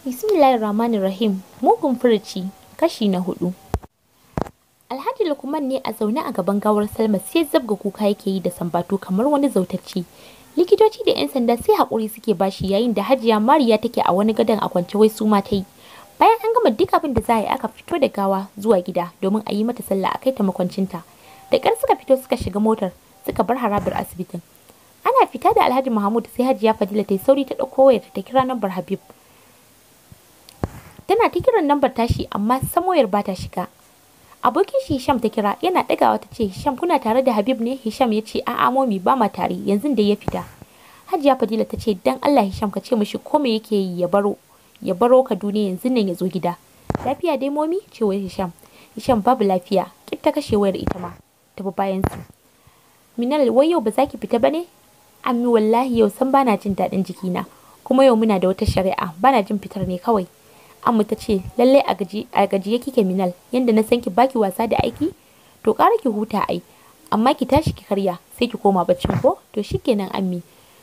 Bismillahirrahmanirrahim mugun furuci kashi na hudu. Alhaji Lukman ne a zaune a gaban gawar Salma sai zabga kuka yake yi da sambatu kamar wani zautacce. Likitoci da 'yan sanda sai haƙuri suke bashi yayin da Hajiya Mariya take a wani gadon a kwance wai su ta yi. Bayan an gama duk abin da za a yi aka fito da gawa zuwa gida domin a yi mata sallah a kai ta makwancinta. Da ƙar suka fito suka shiga motar suka bar harabar asibitin. Ana fita da Alhaji Mahmud sai Hajiya Fadila ta yi sauri ta ɗauko wayar ta kira nambar Habib. tana ta kiran lambar tashi amma samoyar ba ta shiga abokin shi Hisham ta kira yana ɗagawa ta ce Hisham kuna tare da Habib ne Hisham ya ce a'a momi ba ma tare yanzu da ya fita Hajiya Fadila ta ce dan Allah Hisham ka ce mashi ko me yake yi ya baro ya baro ka duniya yanzu nan ya zo gida lafiya dai momi ce wai Hisham Hisham babu lafiya kit ta kashe wayar ita ma ta bi bayan su Minal wai yau ba za ki fita bane ammi wallahi yau san bana jin daɗin jikina kuma yau muna da wata shari'a bana jin fitar ne kawai Amma ta ce, lallai a gaji a gaji yake kaminal yanda na san ki baki wasa da aiki, to kara ki huta ai. Amma ki tashi ki karya, sai ki koma baccin ko? To shikenan ammi.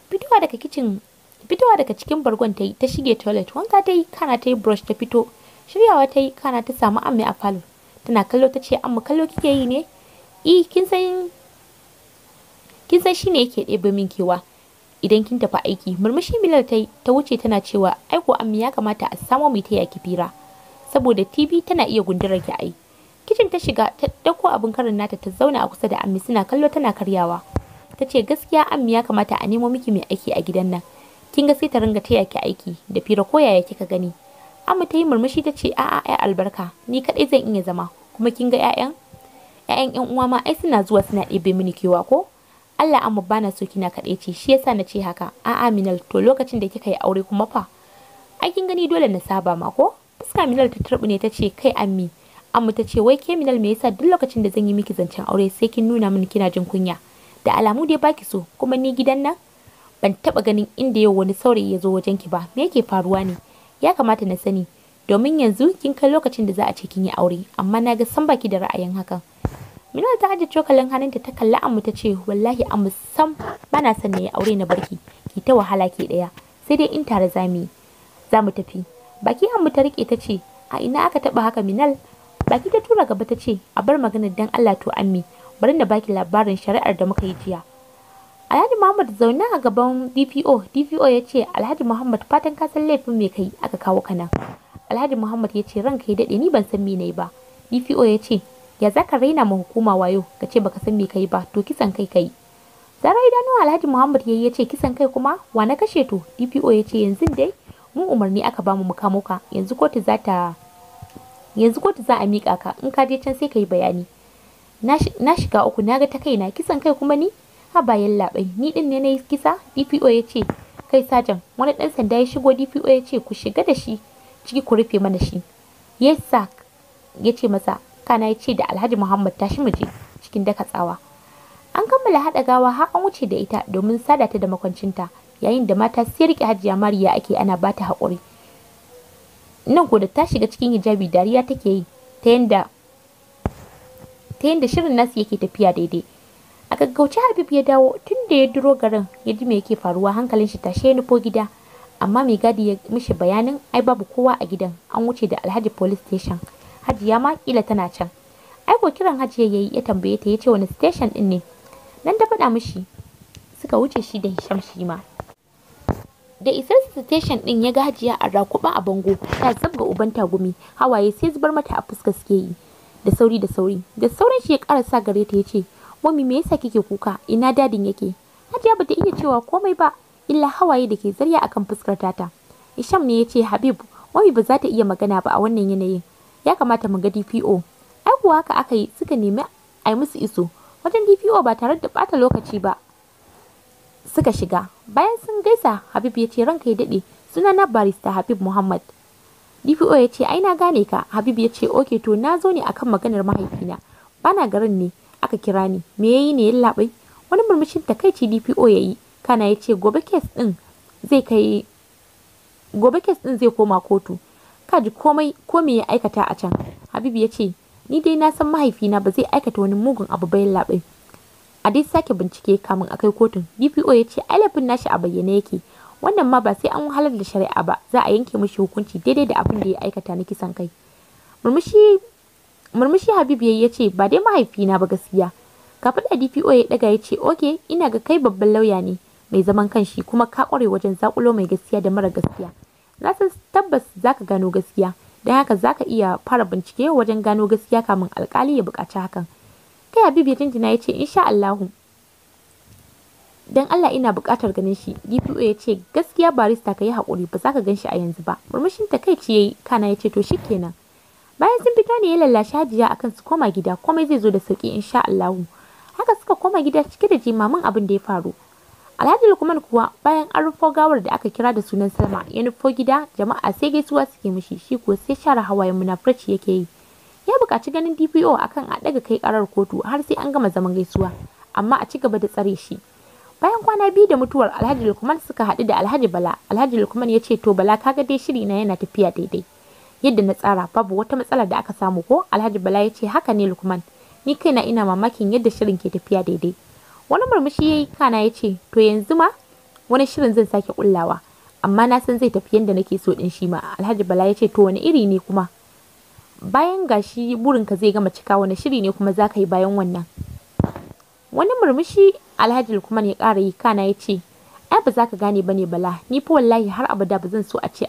Fitowa daga kicin fitowa daga cikin bargon ta ta shige toilet wanka ta yi kana ta yi brush ta fito shiryawa ta yi kana ta samu ammi a falo tana kallo ta ce amma kallo kike yi ne i eh, kin san kin san shine yake ɗebe min kewa idan kin tafi aiki murmushi Bilal ta ta wuce tana cewa ai ko ya kamata a samo mai taya ki fira saboda TV tana iya gundurar ki ai kicin ta shiga ta dauko abin karin nata ta zauna a kusa da Ammi suna kallo tana karyawa ta ce gaskiya Ammi ya kamata a nemo miki mai aiki a gidan nan kin ga sai ta ringa taya ki aiki da fira ko yaya kika gani Amma ta yi murmushi ta ce a'a ai albarka ni kadai zan iya zama kuma kin ga 'ya'yan 'ya'yan 'yan uwa ma ai suna zuwa suna ɗebe mini kewa ko Allah amma bana so kina kaɗai ce shi yasa na ce haka a Minal to lokacin da kika yi aure kuma fa ai kin gani dole na saba ma ko fuska Minal ta turbi ne ta ce kai ammi amma ta ce wai ke Minal me yasa duk lokacin da zan yi miki zancen aure sai kin nuna min kina jin kunya da alamu dai baki so kuma ni gidan nan ban taba ganin inda yau wani saurayi ya zo wajen ki ba me yake faruwa ne ya kamata na sani domin yanzu kin kai lokacin da za a ce kin yi aure amma na ga san baki da ra'ayin hakan Minal ta aje cokalin hannunta ta kalli Amu ta ce wallahi Amu sam bana son na yi aure na barki ki ta wahala ke daya sai dai in tare zamu za mu tafi. Baki Amu ta rike ta ce a ina aka taba haka Minal baki ta tura gaba ta ce a bar maganar dan Allah to ammi bari na baki labarin shari'ar da muka yi jiya. Alhaji Muhammad zaune a gaban DPO, DPO ya ce Alhaji Muhammad fatan ka san laifin mai kai aka kawo kana. Alhaji Muhammad ya ce ranka ya dade ni ban san me yi ba. DPO ya ce ya zaka raina ma hukuma wayo ka ce baka san me kai ba to kisan kai kai zara idanu alhaji muhammad yayi ya ce kisan kai kuma wa na kashe to dpo ya ce yanzu dai mu umarni aka bamu mu kamo ka yanzu kotu za ta yanzu kotu za a miƙa ka in ka je can sai ka yi bayani na shiga uku na ga ta kaina kisan kai kuma ni ha bayan labai ni din ne na yi kisa dpo ya ce kai sajan wani dan sanda ya shigo dpo ya ce ku shiga da shi ciki ku rufe mana shi yes sir ya ce masa kana ya ce da alhaji muhammad tashi mu cikin daka tsawa an kammala haɗa gawa har an wuce da ita domin sada ta da makwancinta yayin da mata sai rike hajiya mariya ake ana ba ta haƙuri nan ko da ta shiga cikin hijabi dariya take yi ta yanda ta yanda shirin nasu yake tafiya daidai a gaggauce habib ya dawo tun da ya duro garin ya ji me yake faruwa hankalin shi tashe nufo gida amma mai gadi ya mishi bayanin ai babu kowa a gidan an wuce da alhaji police station hajiya ma kila tana can aiko kiran hajiya yayi ya tambaye ta yace wani station din ne nan ta faɗa mishi suka wuce shi da Hisham shi ma da isar station din ya ga hajiya a rakuɓa a bango ta sabga uban gumi hawaye sai zubar mata a fuska suke yi da sauri da sauri da sauran shi ya sa gare ta yace mami me yasa kike kuka ina dadin yake hajiya bata iya cewa komai ba illa hawaye da ke zarya akan fuskar tata isham ne ya ce habib wai ba za ta iya magana ba a wannan yanayin ya kamata mu ga DPO ai kuwa haka aka yi suka nemi a musu iso wajen DPO ba tare da bata lokaci ba suka shiga bayan sun gaisa Habib ya ce ranka ya dade suna na barista Habib Muhammad DPO ya ce ai na gane ka Habib ya ce oke to na zo ne akan maganar mahaifina bana garin ne aka kira ni me yayi ne ya wani murmushin takaici DPO ya yi kana ya ce gobe kes ɗin zai kai gobe kes din zai koma kotu ka ji komai ko me ya aikata a can habibu ya ce ni dai na san mahaifina ba zai aikata wani mugun abu bayan labai a dai sake bincike kamin akai kotun dpo ya ce laifin nashi a bayyane yake wannan ma ba sai an wahalar da shari'a ba za a yanke mishi hukunci daidai da abin da ya aikata na kisan kai murmushi murmushi habibu ya ce ba dai mahaifina ba gaskiya kafin da dpo ya daga ya ce oke ina ga kai babban lauya ne mai zaman kanshi kuma ka kware wajen zakulo mai gaskiya da mara gaskiya na san tabbas zaka gano gaskiya don haka zaka iya fara bincike wajen gano gaskiya kamin alkali ya bukaci hakan kai habib ya jinjina ya ce insha Allahu dan Allah ina bukatar ganin shi DPO ya ce gaskiya barista ka yi haƙuri ba za ka gan shi a yanzu ba murmushin takaici ya yi kana ya ce to shi kenan. bayan sun fita ne ya lallashi hajiya akan su koma gida komai zai zo da sauki insha Allahu haka suka koma gida cike da jimamin abin da ya faru Alhaji Lukman kuwa bayan an rufo gawar da aka kira da sunan Salma ya nufo gida jama'a sai gaisuwa suke mishi shi ko sai share hawaye munafurci yake yi. Ya buƙaci ganin DPO akan a ɗaga kai karar kotu har sai an gama zaman gaisuwa amma a ci gaba da tsare shi. Bayan kwana biyu da mutuwar Alhaji Lukman suka haɗu da Alhaji Bala, Alhaji Lukman ya ce to Bala kaga dai shiri na yana tafiya daidai. Yadda na tsara babu wata matsala da aka samu ko Alhaji Bala ya ce haka ne Lukman. Ni kaina ina mamakin yadda shirin ke tafiya daidai. wani murmushi ya yi kana ya ce to yanzu ma wani shirin zan sake kullawa amma na san zai tafi yadda nake so ɗin shi ma alhaji bala ya ce to wani iri ne kuma bayan gashi burinka zai gama cika wani shiri ne kuma za ka yi bayan wannan wani murmushi alhaji lukman ya ƙara yi kana ya ce ai ba za ka gane ba ne bala ni fa wallahi har abada ba zan so a ce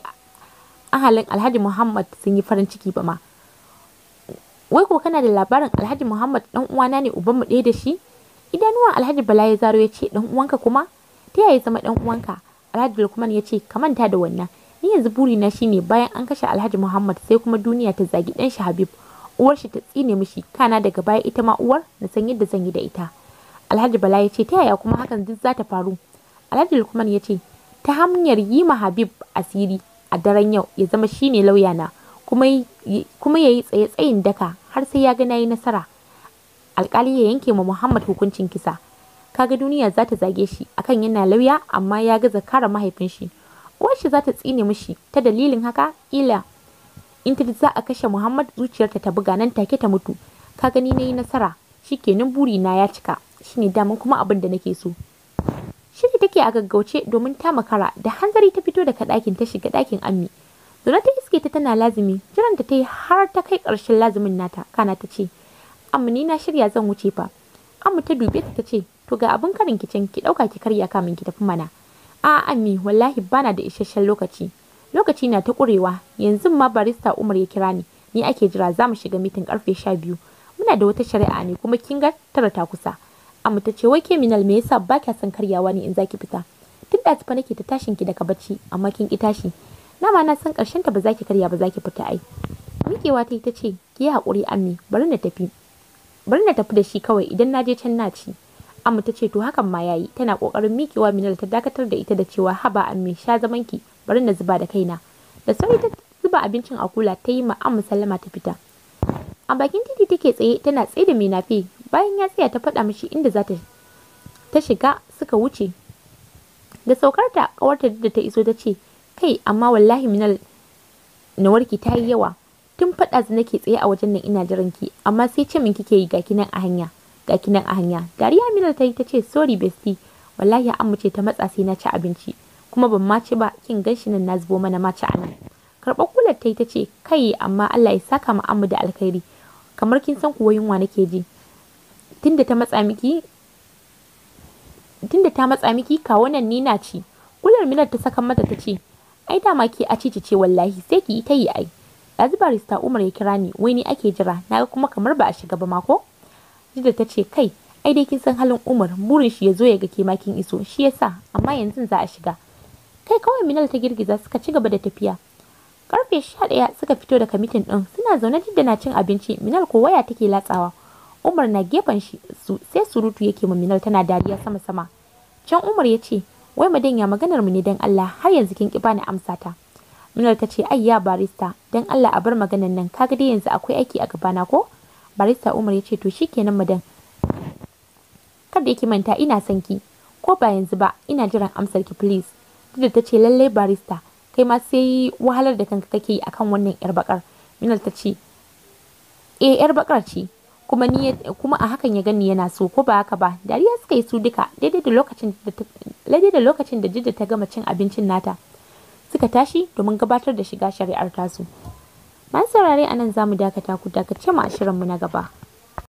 ahalin alhaji muhammad sun yi farin ciki ba ma wai ko kana da labarin alhaji muhammad ɗan uwana ne uban mu ɗaya da shi idanuwan alhaji bala ya zaro ya ce dan uwanka kuma ta yaya zama dan uwanka alhaji lukman ya ce ka manta da wannan ni yanzu buri na shine bayan an kashe alhaji muhammad sai kuma duniya ta zagi dan shi habib uwar shi ta tsine mishi kana daga baya ita ma uwar na san yadda zan yi da ita alhaji bala ya ce ta yaya kuma hakan duk za ta faru alhaji lukman ya ce ta hanyar yi ma habib asiri a daren yau ya zama shine lauya na kuma ya yi tsaye tsayin daka har sai ya ga na yi nasara alkali ya yanke ma Muhammad hukuncin kisa kaga duniya za ta zage shi akan yana lauya amma ya gaza kare mahaifin shi uwarshi za ta tsine mishi ta dalilin haka ila in ta za a kashe Muhammad zuciyarta ta buga nan take ta mutu ka gani nayi nasara shikenan buri na ya cika shine daman kuma abin da nake so shiri take a gaggauce domin ta makara da hanzari ta fito daga ɗakin ta shiga ɗakin ammi zaune ta iske ta tana lazimi jiranta ta yi har ta kai ƙarshen lazimin nata kana ta ce amma ni na shirya zan wuce fa amma ta dube ta ce to ga abin karin kicin ki dauka ki karya kamin ki tafi mana a ammi wallahi bana da isasshen lokaci lokaci na ta kurewa yanzu ma barista Umar ya kira ni ni ake jira za mu shiga mitin karfe 12 muna da wata shari'a ne kuma kin ga tara ta kusa amma ta ce wai keminal me yasa ba kya san karyawa ne in zaki fita tun da tafi nake ta tashin ki daga bacci amma kin ki tashi na ma na san karshen ta ba za ki karya ba za fita ai mikewa ta yi ta ce ki yi haƙuri ammi bari na tafi bari na tafi da shi kawai idan na je can na ci amma ta ce to hakan ma yayi tana kokarin mikewa minal ta dakatar da ita da cewa haba me sha zaman ki bari na zuba da kaina da sauri ta zuba abincin a kula ta yi ma amma sallama ta fita a bakin titi take tsaye tana tsaye da minafe bayan ya tsaya ta faɗa mishi inda za ta shiga suka wuce da saukar saukarta kawarta da ta iso ta ce kai amma wallahi minal nawarki warki ta yi yawa tun faɗa zan nake tsaye a wajen nan ina jiran ki amma sai ce min kike yi gaki nan a hanya gaki nan a hanya dariya Amina ta yi ta ce sorry bestie wallahi amma ce ta matsa sai na ci abinci kuma ban ma ci ba kin ganshi nan na zubo mana ma ci a nan karɓar kular ta yi ta ce kai amma Allah ya saka mu amma da alkhairi kamar kin san kuwa yunwa nake ji tunda ta matsa miki tunda ta matsa miki kawo nan ni na ci kular minar ta saka mata ta ce ai dama ke a ce wallahi sai ki yi ta yi ai yanzu barista umar ya kira ni wai ni ake jira na ga kuma kamar ba a shiga ba mako jida ta ce kai ai dai kin san halin umar burin shi ya zo ya ga ke makin iso shi yasa amma yanzu za a shiga kai kawai minal ta girgiza suka ci gaba da tafiya karfe sha ɗaya suka fito da kamitin ɗin suna zaune duk na cin abinci minal ko waya take latsawa umar na gefen shi su sai surutu yake ma minal tana dariya sama sama can umar ya ce wai madan ya maganar mu ne dan Allah har yanzu kin kiba bani amsa ta Munal ta ce ayya barista dan Allah a bar maganan nan kaga dai yanzu akwai aiki a gabana ko? Barista Umar ya ce to shi kenan madan. Kada yake manta ina son ki ko ba yanzu ba ina jiran amsar ki please. Dudar ta ce lallai barista kai ma sai wahalar da kanka kake yi akan wannan yar bakar. Minal ta ce eh yar bakar ce kuma ni kuma a hakan ya gani yana so ko ba haka ba dariya suka yi su duka daidai da lokacin da daidai da lokacin da jidda ta gama cin abincin nata suka tashi domin gabatar da shiga shari'ar tasu. Masu saurare a nan za mu dakata ku dakace mu a shirinmu na gaba.